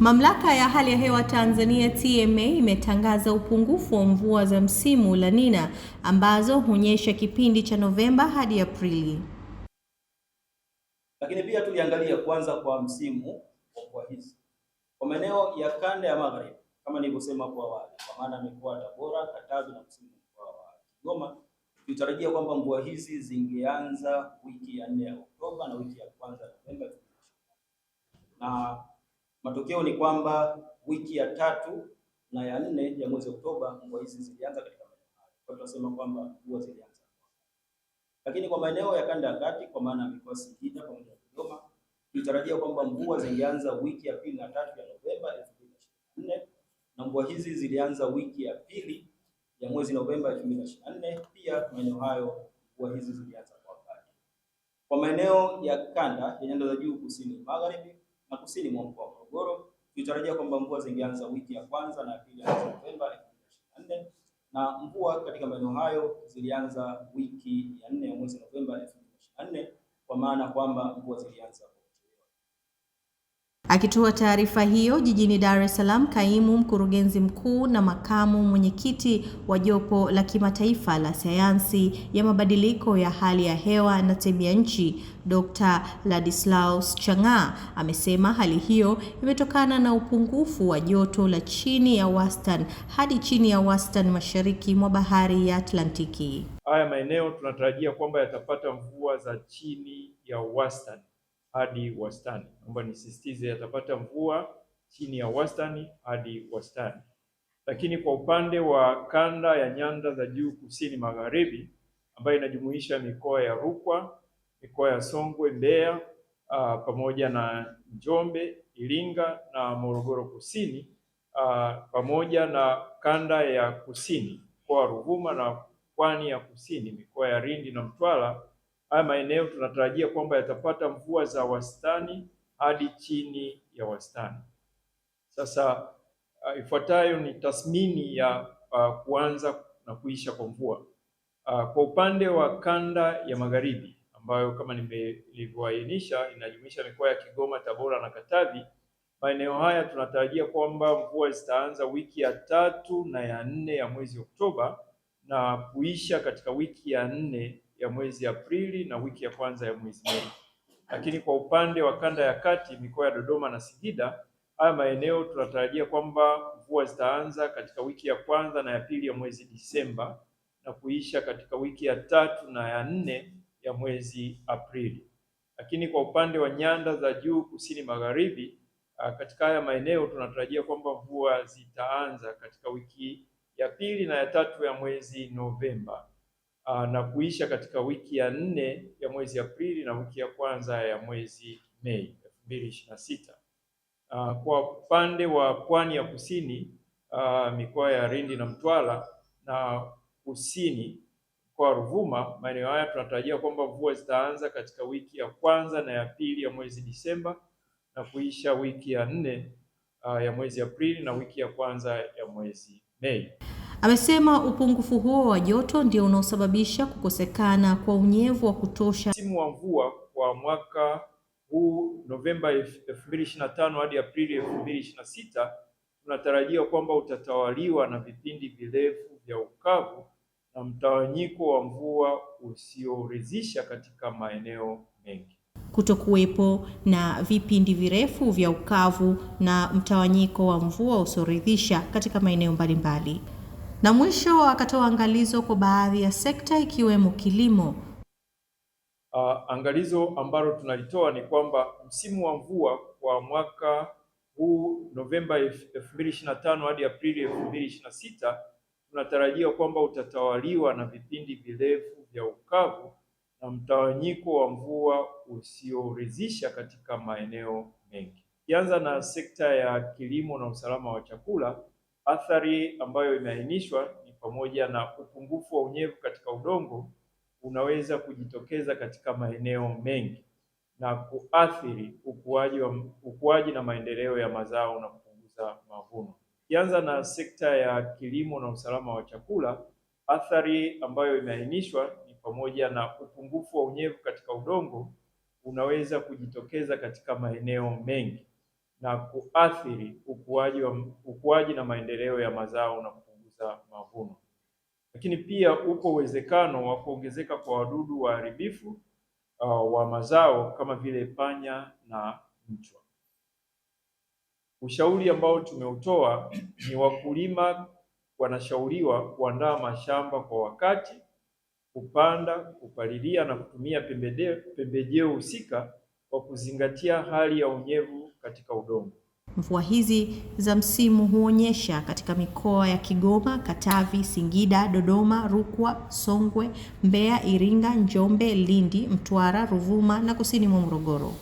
Mamlaka ya hali ya hewa Tanzania TMA imetangaza upungufu wa mvua za msimu La Nina ambazo hunyesha kipindi cha Novemba hadi Aprili. Lakini pia tuliangalia kwanza kwa msimu wa mvua hizi kwa maeneo ya kanda ya magharibi kama nilivyosema kwa awali, kwa maana mikoa Tabora, Katavi na msimu wa Kigoma, tulitarajia kwamba mvua hizi zingeanza wiki ya nne ya Oktoba na wiki ya kwanza Novemba na Matokeo ni kwamba wiki ya tatu na ya nne ya mwezi Oktoba mvua hizi zilianza katika maeneo hayo. Kwa tunasema kwamba mvua zilianza. Lakini kwa maeneo ya kanda ya kati kwa maana ya mikoa Singida pamoja na Dodoma tulitarajia kwamba mvua zingeanza wiki ya pili na tatu ya Novemba 2024 na mvua hizi zilianza wiki ya pili ya mwezi Novemba 2024. Pia maeneo hayo mvua hizi zilianza kwa wakati. Kwa maeneo ya kanda ya nyanda za juu kusini magharibi na kusini mwa mkoa Morogoro. Tulitarajia kwamba mvua zingeanza wiki ya kwanza na pili ya Novemba 2024 na mvua katika maeneo hayo zilianza wiki ya nne ya mwezi Novemba 2024 kwa maana kwamba mvua zilianza Akitoa taarifa hiyo jijini Dar es Salaam, kaimu mkurugenzi mkuu na makamu mwenyekiti wa jopo la kimataifa la sayansi ya mabadiliko ya hali ya hewa na tabia nchi, Dr. Ladislaus Chang'a amesema hali hiyo imetokana na upungufu wa joto la chini ya wastani hadi chini ya wastani mashariki mwa bahari ya Atlantiki. Haya maeneo tunatarajia kwamba yatapata mvua za chini ya wastani hadi wastani. Naomba nisisitize, atapata mvua chini ya wastani hadi wastani. Lakini kwa upande wa kanda ya nyanda za juu kusini magharibi, ambayo inajumuisha mikoa ya Rukwa, mikoa ya Songwe, Mbeya uh, pamoja na Njombe, Iringa na Morogoro kusini uh, pamoja na kanda ya kusini mkoa wa Ruvuma na pwani ya kusini mikoa ya Lindi na Mtwara Haya maeneo tunatarajia kwamba yatapata mvua za wastani hadi chini ya wastani. Sasa uh, ifuatayo ni tathmini ya uh, kuanza na kuisha kwa mvua uh, kwa upande wa kanda ya magharibi ambayo kama nilivyoainisha inajumuisha mikoa ya Kigoma, Tabora na Katavi. Maeneo haya tunatarajia kwamba mvua zitaanza wiki ya tatu na ya nne ya mwezi Oktoba na kuisha katika wiki ya nne ya mwezi Aprili na wiki ya kwanza ya mwezi Mei. Lakini kwa upande wa kanda ya kati, mikoa ya Dodoma na Singida, haya maeneo tunatarajia kwamba mvua zitaanza katika wiki ya kwanza na ya pili ya mwezi Disemba na kuisha katika wiki ya tatu na ya nne ya mwezi Aprili. Lakini kwa upande wa nyanda za juu kusini magharibi, ah, katika haya maeneo tunatarajia kwamba mvua zitaanza katika wiki ya pili na ya tatu ya mwezi Novemba uh, na kuisha katika wiki ya nne ya mwezi Aprili na wiki ya kwanza ya mwezi Mei 2026. Uh, ah, kwa upande wa pwani ya kusini uh, mikoa ya Lindi na Mtwara na kusini kwa Ruvuma, maeneo haya tunatarajia kwamba mvua zitaanza katika wiki ya kwanza na ya pili ya mwezi Disemba na kuisha wiki ya nne uh, ya mwezi Aprili na wiki ya kwanza ya mwezi Mei. Amesema upungufu huo wa joto ndio unaosababisha kukosekana kwa unyevu wa kutosha. Msimu wa mvua kwa mwaka huu Novemba 2025 hadi Aprili 2026 tunatarajia kwamba utatawaliwa na vipindi virefu vya ukavu na mtawanyiko wa mvua usioridhisha katika maeneo mengi. Kutokuwepo na vipindi virefu vya ukavu na mtawanyiko wa mvua usioridhisha katika maeneo mbalimbali na mwisho akatoa angalizo kwa baadhi ya sekta ikiwemo kilimo. Uh, angalizo ambalo tunalitoa ni kwamba msimu wa mvua kwa mwaka huu Novemba 2025 hadi Aprili 2026 tunatarajia kwamba utatawaliwa na vipindi virefu vya ukavu na mtawanyiko wa mvua usioridhisha katika maeneo mengi. Kianza na sekta ya kilimo na usalama wa chakula Athari ambayo imeainishwa ni pamoja na upungufu wa unyevu katika udongo unaweza kujitokeza katika maeneo mengi na kuathiri ukuaji wa ukuaji na maendeleo ya mazao na kupunguza mavuno. Kianza na sekta ya kilimo na usalama wa chakula, athari ambayo imeainishwa ni pamoja na upungufu wa unyevu katika udongo unaweza kujitokeza katika maeneo mengi na kuathiri ukuaji, wa, ukuaji na maendeleo ya mazao na kupunguza mavuno. Lakini pia upo uwezekano wa kuongezeka kwa wadudu waharibifu uh, wa mazao kama vile panya na mchwa. Ushauri ambao tumeutoa ni wakulima wanashauriwa kuandaa mashamba kwa wakati, kupanda, kupalilia na kutumia pembejeo husika kwa kuzingatia hali ya unyevu katika udongo. Mvua hizi za msimu huonyesha katika mikoa ya Kigoma, Katavi, Singida, Dodoma, Rukwa, Songwe, Mbeya, Iringa, Njombe, Lindi, Mtwara, Ruvuma na kusini mwa Morogoro.